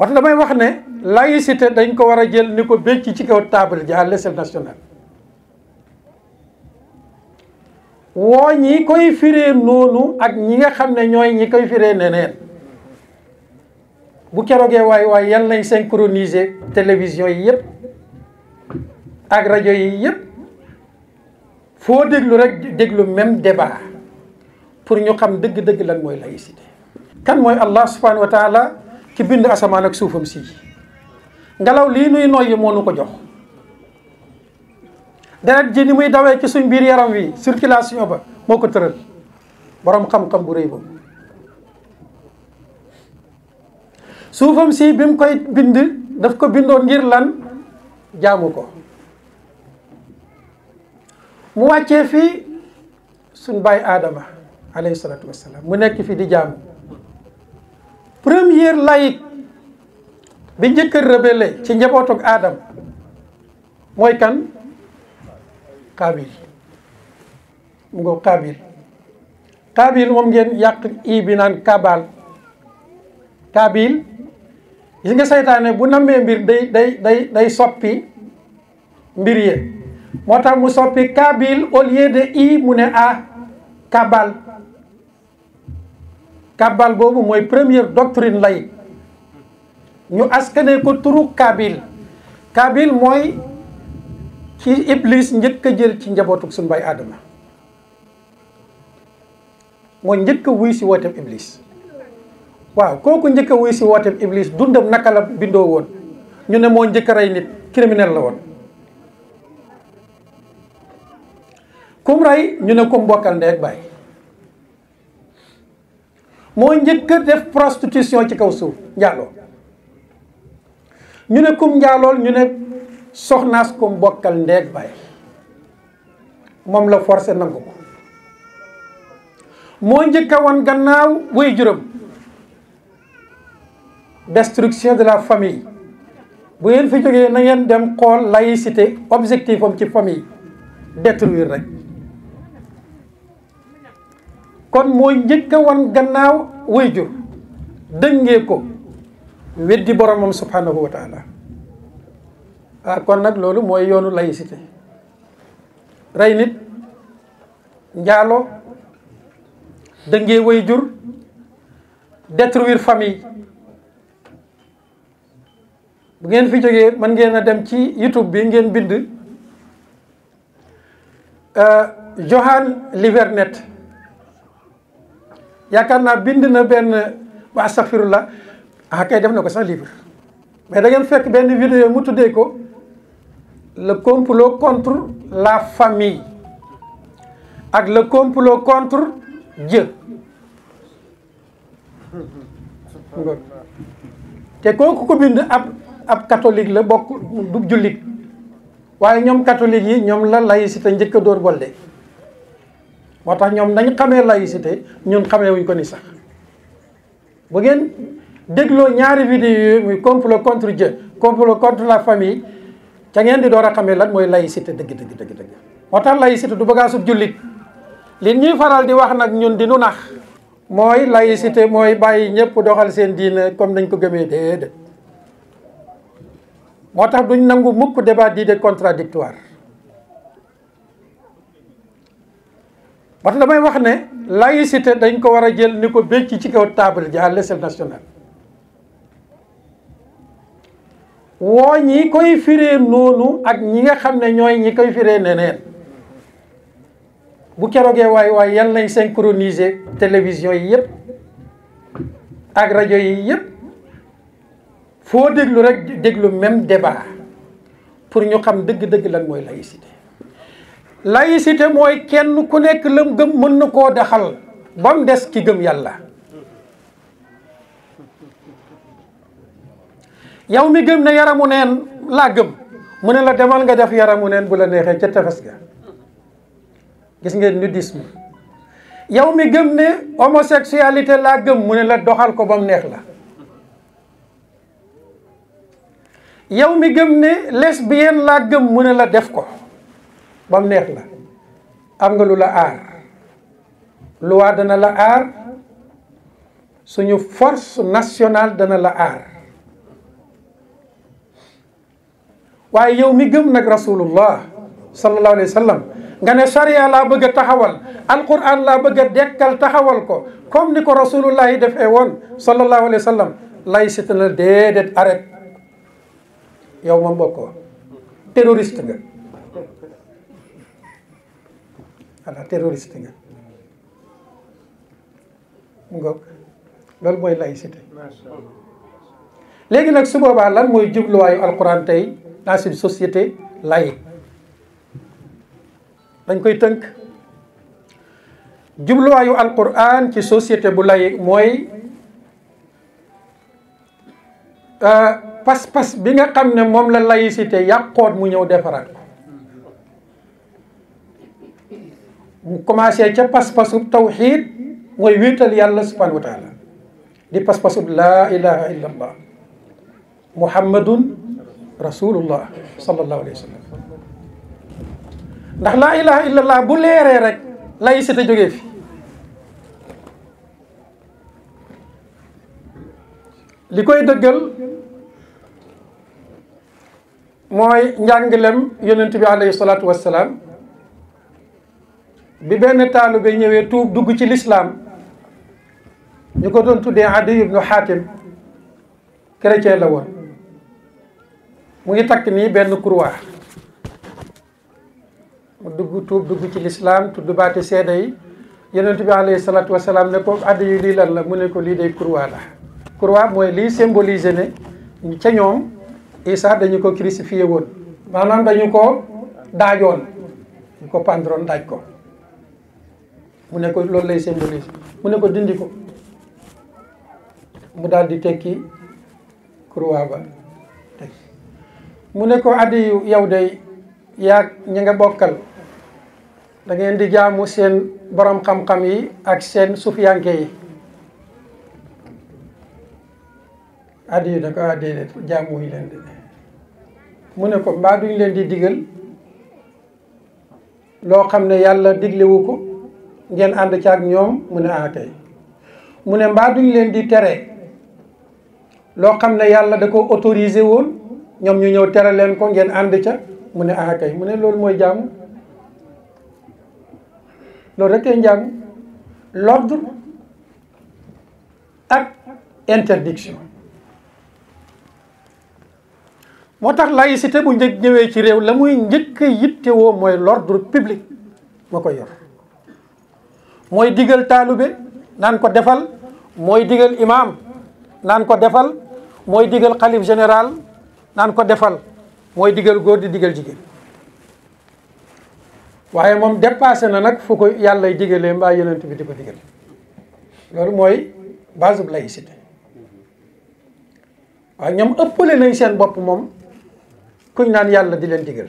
ba tax damay wax ne laïcité dañ ko war a jël ni ko bécc ci kaw table ji à l'Assemblée nationale woo ñi koy firee noonu ak ñi nga xam ne ñooy ñi koy firee neneen bu keroogee waay waay yal nañ synchroniser télévision yi yëpp ak rajo yi yëpp foo déglu rek déglu même débat pour ñu xam dëgg-dëgg lañ mooy laïcité kan mooy Allah subhanahu wa ki bind asamaan ak suufam si ngelaw lii nuy noyyi moo nu ko jox deret ji ni muy dawee ci suñ biir yaram wi circulation ba moo ko tëral boroom xam-xam bu rëy boobu suufam si bi mu koy bind daf ko bindoon ngir lan jaamu ko mu wàccee fii suñ baay aadama alayhi salaatu wassalaam mu nekk fii di jaamu première laïc bi njëkk a ci njabootug aadam mooy kan Kaabil mu ngo Kaabil Kaabil moom ngeen yàq i bi naan Kaabal Kaabil yi nga seytaane bu nammee mbir day day day day soppi mbir yi moo tax mu soppi Kaabil au lieu de i mu ne a Kaabal kàbbal boobu mooy première doctrine lay ñu askane ko turu kaabil Kabil mooy ci Iblis njëkk a jël ci njabootu suñu bay Adama mooy njëkk a wuy si wooteem Iblis waaw kooku njëkk a wuy si wooteem Iblis dundam naka la bindoo woon ñu ne moo njëkk a rey nit criminel la woon kum rey ñu ne ko mbokkal ndey ak baay moo njëkk def prostitution ci kaw suuf njaaloo ñu ne kum njaalool ñu ne soxnaas kum bokkal ndeeg baay moom la forcé nangu ko moo njëkk a woon gannaaw way juróom destruction de la famille bu ngeen fi jógee na ngeen dem xool laïcité objectif am ci famille détruire rek kon mooy njëkk a wan gannaaw wayjur dëngee ko weddi boromam subhanahu wa taala ah kon nag loolu mooy yoonu laïcité rey nit njaalo dëngee wayjur détruire famille bu ngeen fi jógee mën ngeen a dem ci YouTube bi ngeen bind euh, Johan Livernet yaakaar naa bind na benn wa astaghfirullah la ah, kay def na ko sax livre mais dangeen fekk benn vidéo mu tuddee ko le complot contre la famille ak le complot contre Dieu te kooku ko bind ab ab catholique la bokk du jullit waaye ñoom catholique yi ñoom la laïcité njëkk a bolde moo tax ñoom nañ xamee laïcité ñun xamee wuñ ko ni sax bu ngeen dégloo ñaari vidéo yi muy complot contre Dieu complot contre la famille ca ngeen di door a xamee lan mooy laïcité dëgg dëgg dëgg dëgg moo tax laïcité du bagaasub jullit li ñuy faral di wax nag ñun di nu nax mooy laïcité mooy bàyyi ñëpp doxal seen diine comme nañ ko dee déedéet moo tax duñ nangu mukk débat d'idées contradictoire parce que damay wax ne laïcité dañ ko war a jël ni ko bécc ci kaw table ji à l'Assemblée nationale woo ñi koy firee noonu ak ñi nga xam ne ñooy ñi koy fire neneen bu keroogee waay waay yal nañ synchroniser télévision yi yëpp ak rajo yi yëpp foo déglu rek déglu même débat pour ñu xam dëgg-dëgg lan mooy laïcité laïcité mooy kenn ku nekk lam gëm mën na koo daxal ba mu des ki gëm yàlla yow mi gëm ne yaramu neen laa gëm mu ne la demal nga def yaramu neen bu la neexee ca tefes ga gis ngeen nudisme yow mi gëm ne homosexualité laa gëm mu ne la doxal ko ba mu neex la yow mi gëm ne lesbienne laa gëm mu ne la def ko bam neex la am nga lu la aar loi dana la aar suñu force nationale dana la aar waaye yow mi gëm nag rasulullah sallallahu alayhi wa sallam nga ne charia laa bëgg a taxawal alquran laa bëgg a dekkal taxawal ko comme ni ko rasulullah yi defee woon sallallahu alayhi wa lay laïcité la déedéet arrêt yow ma mbokk terroriste nga xanaa terroriste nga ngoog loolu mooy laïcité léegi nag su boobaa lan mooy jubluwaayu alquran tey dans société lay dañ koy tënk jubluwaayu alquran ci société bu laïque mooy euh, pas-pas bi nga xam ne moom la laïcité yàqoot mu ñëw defaraat ko mu commencé ca pas-pasub tawxiid mooy wéetal yàlla subhanahu wa taala di pas-pasub laa ilaha illa allah sallallahu alayhi wa ndax laa bu leeree rek lay sita jógee fi li koy dëggal mooy njàngalem yonent bi alayhi salaatu wassalaam bi benn taalibe ñëwee tuub dugg ci lislaam ñu ko doon tuddee Adi ibnu Xaatim chrétien la woon mu ngi takk nii benn croix mu dugg tuub dugg ci lislaam tudd baati seede yi yonent bi alayhi salaatu wasalaam ne ko addi yu lii lan la mu ne ko lii day croix la croix mooy lii symboliser ne ca ñoom Isa dañu ko crucifié woon maanaam dañu ko daajoon ñu ko pendroon daaj ko mu ne ko loolu lay symbolise mu ne ko dindi ko mu daal di tekki croix mu ne ko addi yow day yaag ñi nga bokkal da ngeen di jaamu seen borom xam-xam yi ak seen sufiyanke yi addi yu da ko addi ah, de jaamu yi leen di mu ne ko mbaa duñ leen di diggal loo xam ne yàlla diglewu ko ngeen ànd ci ak ñoom mu ne ah kay mu ne mbaa duñ leen di tere loo xam ne yàlla da ko autorisé woon ñoom ñu ñëw tere leen ko ngeen ànd ca mu ne ah kay mu ne loolu mooy jàmm loolu rek kay lord ak interdiction moo tax laïcité bu njëkk ñëwee ci réew la muy njëkk yittewoo mooy l'ordre public moo koy yor mooy digal taalube naan ko defal mooy diggal imaam naan ko defal mooy digal xalif général naan ko defal mooy digal góor di digal jigéen waaye moom dépassé na nag fu ko yàllay digalee mbaa yonent bi di ko digal loolu mooy base bu laïcité waaw ñoom ëppale nañ seen bopp moom kuñ naan yàlla di leen digal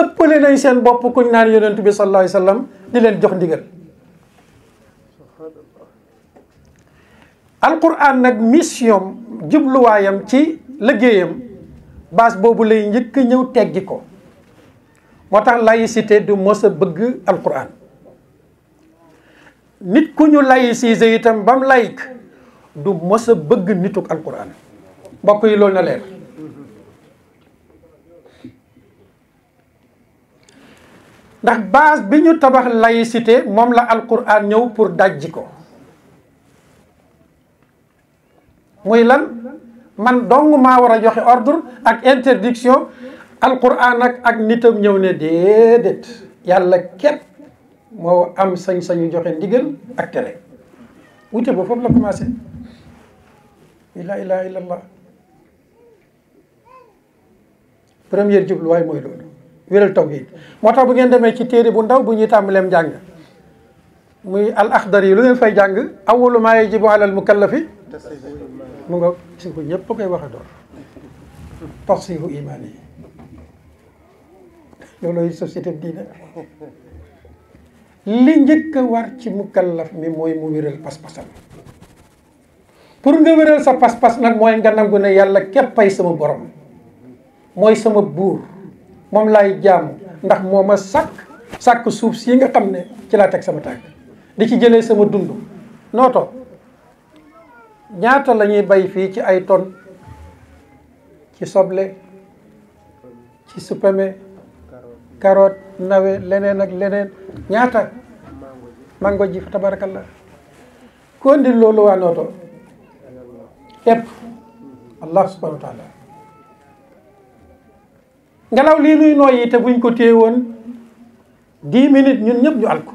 ëppale nañ seen bopp kuñ naan yonent bi sallallahu alayhi wa sallam di leen jox ndigal alquran nag mission jubluwaayam ci liggéeyam base boobu lay njëkk ñëw teggi ko moo tax laïcité du mos a bëgg alquran nit ku ñu laïciser itam bam laïc du mos bëgg nituk alquran mbokk yi loolu na leer ndax base bi ñu tabax laïcité moom la alquran ñëw pour dajji ko muy lan man dong ma war a joxe ordre ak interdiction alquran ak ak nitam ñëw ne déedéet yàlla képp moo am sañ-sañu joxe ndigal ak tere wute ba foofu la commencé la ilaha illallah première jubluwaay mooy loolu wéral yi moo tax bu ngeen demee ci téere bu ndaw bu ñuy tàmbaleem jàng muy al axdar yi lu ngeen fay jàng awalu maa yajibu alal mukallafi mu nga si ko koy wax a door tasihu imaan yi loolooy société bi diine li njëkk war ci mukallaf mi mooy mu wéral pas-pasam pour nga wéral sa pas-pas nag mooy nga nangu ne yàlla képpay sama borom mooy sama buur moom laay jaam ndax moo ma sàkk sàkk suuf si nga xam ne ci laa teg sama tànk di ci jëlee sama dund nooto ñaata la ñuy bay fii ci ay ton ci soble ci supame carotte nawe leneen ak leneen ñaata mango ji tabarakallah ko ndil loolu waa nooto képp allah subhanahu wa ngelaw lii nuy nooy yi te buñ ko téye woon dix ñun ñëpp ñu al ko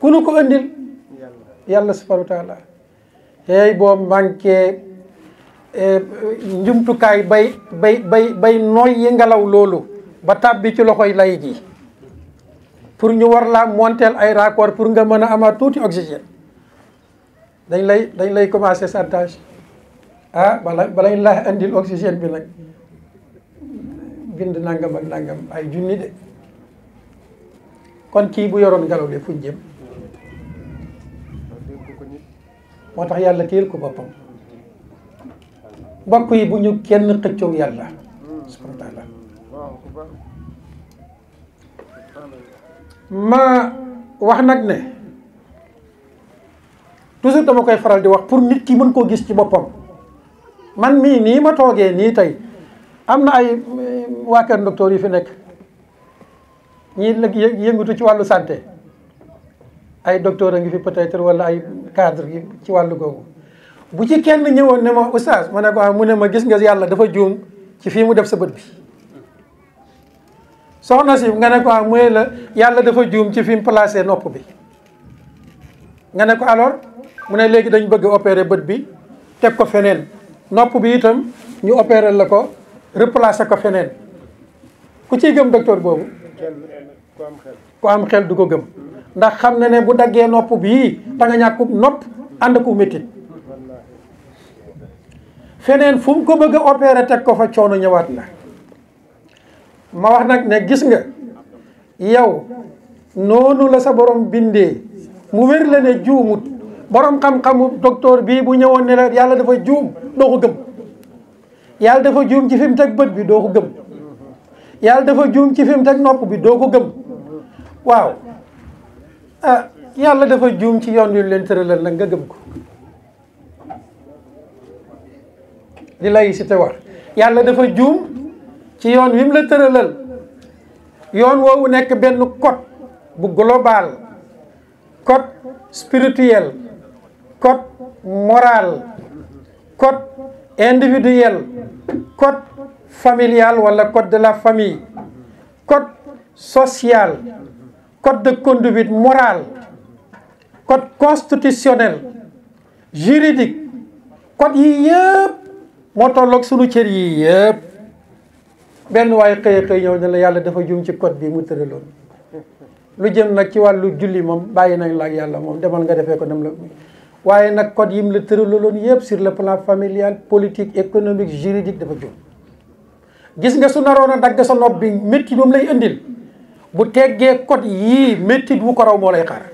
ku nu ko andil yàlla subhanahu wa taala tey boo manqué eh, njumtukaay bay bay bay bay nooy yi ngelaw loolu ba tàbbi ci loxoy lay ji pour ñu war laa monteel ay raccord pour nga mën a amaat tuuti oxygène dañ lay dañ lay commencé chantage ah bala balañ laa andil oxygène bi nag bind nangam nangam ay junni de kon kii bu yoroon ngelaw li fuñ jëm moo tax yàlla téyel ko boppam bokk yi bu ñu kenn xëccoog yàlla subhanahu wa ma wax nag ne toujours dama koy faral di wax pour nit ki mën koo gis ci boppam man mii nii ma toogee nii tey am na ay waa kër docteur yi fi nekk ñii nag yëngatu ci wàllu santé ay docteur a ngi fi peut-être wala ay cadre yi ci wàllu googu bu ci kenn ñëwoon ne ma oustaz ma ne ko ah, mu ne ma gis nga yàlla dafa juum ci fii mu def sa bët bi soxna si nga ne ko ah, mooy la yàlla dafa juum ci fi mu placé nopp bi nga ne ko alors mu ne léegi dañ bëgg opérer bët bi teg ko feneen nopp bi itam ñu opérer la ko replacer ko feneen ku ciy gëm docteur boobu ku am xel du ko gëm ndax xam na ne bu daggee nopp bii da nga ñàkk nopp ànd ku métti feneen fu mu ko bëgg a opérer teg ko fa coono ñëwaat na ma wax nag ne gis nga yow noonu la sa borom bindee mu wér la ne juumut borom xam-xamu docteur bii bu ñëwoon ne la yàlla dafa juum doo ko gëm yàlla dafa juum ci fi teg bët bi doo ko gëm yàlla dafa juum ci fim teg nopp bi doo ko gëm waaw ah yàlla dafa juum ci yoon yu leen tëralal nag nga gëm ko li lay yàlla dafa juum ci yoon wi la tëralal yoon woowu nekk benn kot bu global kot spirituel code moral code individuel code familial wala code de la famille code social code de conduite morale code constitutionnel juridique code yi yëpp moo tolloog sunu cër yi yëpp benn waaye xëy xëy ñëw ne la yàlla dafa jum ci code bi mu tëraloon lu jëm nag ci wàllu julli moom bàyyi nañ la ak yàlla moom demal nga defee ko dem la waaye nag code mu la tëraloon yëpp sur le plan familial politique économique juridique dafa jum gis nga su naroon a dagg sa nopp bi métti moom lay indil bu teggee code yii métti bu ko raw moo lay xaar